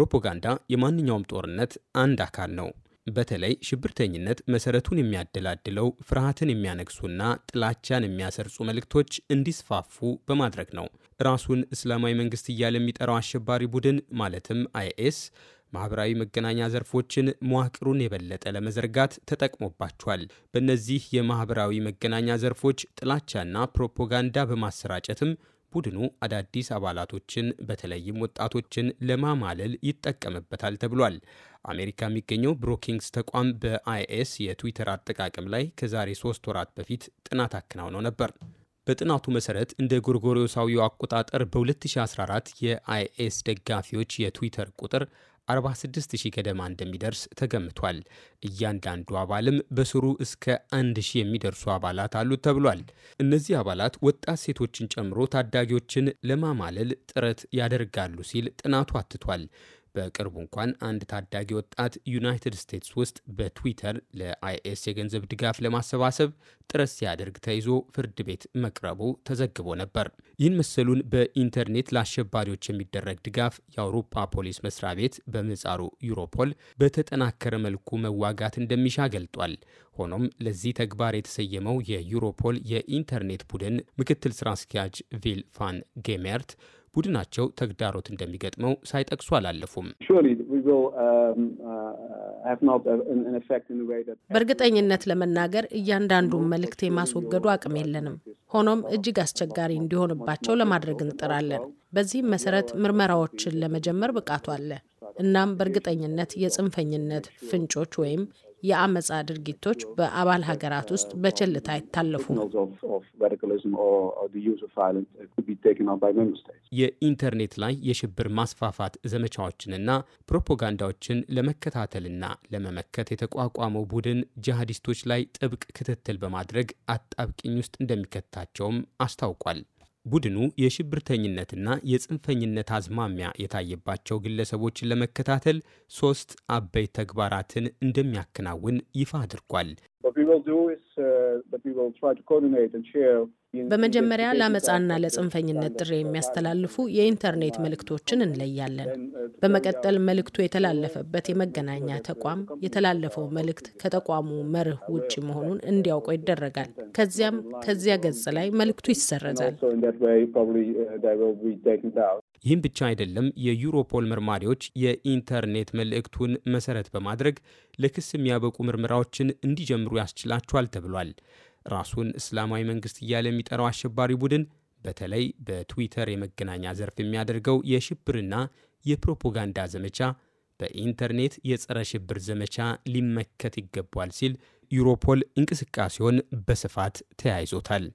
ፕሮፓጋንዳ የማንኛውም ጦርነት አንድ አካል ነው። በተለይ ሽብርተኝነት መሰረቱን የሚያደላድለው ፍርሃትን የሚያነግሱና ጥላቻን የሚያሰርጹ መልእክቶች እንዲስፋፉ በማድረግ ነው። ራሱን እስላማዊ መንግስት እያለ የሚጠራው አሸባሪ ቡድን ማለትም አይኤስ ማህበራዊ መገናኛ ዘርፎችን መዋቅሩን የበለጠ ለመዘርጋት ተጠቅሞባቸዋል። በእነዚህ የማህበራዊ መገናኛ ዘርፎች ጥላቻና ፕሮፓጋንዳ በማሰራጨትም ቡድኑ አዳዲስ አባላቶችን በተለይም ወጣቶችን ለማማለል ይጠቀምበታል ተብሏል። አሜሪካ የሚገኘው ብሮኪንግስ ተቋም በአይኤስ የትዊተር አጠቃቀም ላይ ከዛሬ ሶስት ወራት በፊት ጥናት አከናውነው ነበር። በጥናቱ መሰረት እንደ ጎርጎሪዮሳዊው አቆጣጠር በ2014 የአይኤስ ደጋፊዎች የትዊተር ቁጥር 46,000 ገደማ እንደሚደርስ ተገምቷል። እያንዳንዱ አባልም በስሩ እስከ 1 ሺህ የሚደርሱ አባላት አሉት ተብሏል። እነዚህ አባላት ወጣት ሴቶችን ጨምሮ ታዳጊዎችን ለማማለል ጥረት ያደርጋሉ ሲል ጥናቱ አትቷል። በቅርቡ እንኳን አንድ ታዳጊ ወጣት ዩናይትድ ስቴትስ ውስጥ በትዊተር ለአይኤስ የገንዘብ ድጋፍ ለማሰባሰብ ጥረት ሲያደርግ ተይዞ ፍርድ ቤት መቅረቡ ተዘግቦ ነበር። ይህን መሰሉን በኢንተርኔት ለአሸባሪዎች የሚደረግ ድጋፍ የአውሮፓ ፖሊስ መስሪያ ቤት በምህጻሩ ዩሮፖል በተጠናከረ መልኩ መዋጋት እንደሚሻ ገልጧል። ሆኖም ለዚህ ተግባር የተሰየመው የዩሮፖል የኢንተርኔት ቡድን ምክትል ስራ አስኪያጅ ቪል ፋን ጌሜርት ቡድናቸው ተግዳሮት እንደሚገጥመው ሳይጠቅሱ አላለፉም። um, uh, uh, በእርግጠኝነት ለመናገር እያንዳንዱን መልእክት የማስወገዱ አቅም የለንም። ሆኖም እጅግ አስቸጋሪ እንዲሆንባቸው ለማድረግ እንጥራለን። በዚህም መሰረት ምርመራዎችን ለመጀመር ብቃቱ አለ። እናም በእርግጠኝነት የጽንፈኝነት ፍንጮች ወይም የአመፃ ድርጊቶች በአባል ሀገራት ውስጥ በቸልታ አይታለፉም። የኢንተርኔት ላይ የሽብር ማስፋፋት ዘመቻዎችንና ፕሮፓጋንዳዎችን ለመከታተልና ለመመከት የተቋቋመው ቡድን ጂሃዲስቶች ላይ ጥብቅ ክትትል በማድረግ አጣብቂኝ ውስጥ እንደሚከታቸውም አስታውቋል። ቡድኑ የሽብርተኝነትና የጽንፈኝነት አዝማሚያ የታየባቸው ግለሰቦችን ለመከታተል ሶስት አበይ ተግባራትን እንደሚያከናውን ይፋ አድርጓል። በመጀመሪያ ለአመፃና ለጽንፈኝነት ጥሪ የሚያስተላልፉ የኢንተርኔት መልእክቶችን እንለያለን። በመቀጠል መልእክቱ የተላለፈበት የመገናኛ ተቋም የተላለፈው መልእክት ከተቋሙ መርህ ውጭ መሆኑን እንዲያውቀው ይደረጋል። ከዚያም ከዚያ ገጽ ላይ መልእክቱ ይሰረዛል። ይህም ብቻ አይደለም። የዩሮፖል መርማሪዎች የኢንተርኔት መልእክቱን መሰረት በማድረግ ለክስ የሚያበቁ ምርምራዎችን እንዲጀምሩ ያስችላቸዋል ተብሏል። ራሱን እስላማዊ መንግስት እያለ የሚጠራው አሸባሪ ቡድን በተለይ በትዊተር የመገናኛ ዘርፍ የሚያደርገው የሽብርና የፕሮፓጋንዳ ዘመቻ በኢንተርኔት የጸረ ሽብር ዘመቻ ሊመከት ይገባል ሲል ዩሮፖል እንቅስቃሴውን በስፋት ተያይዞታል።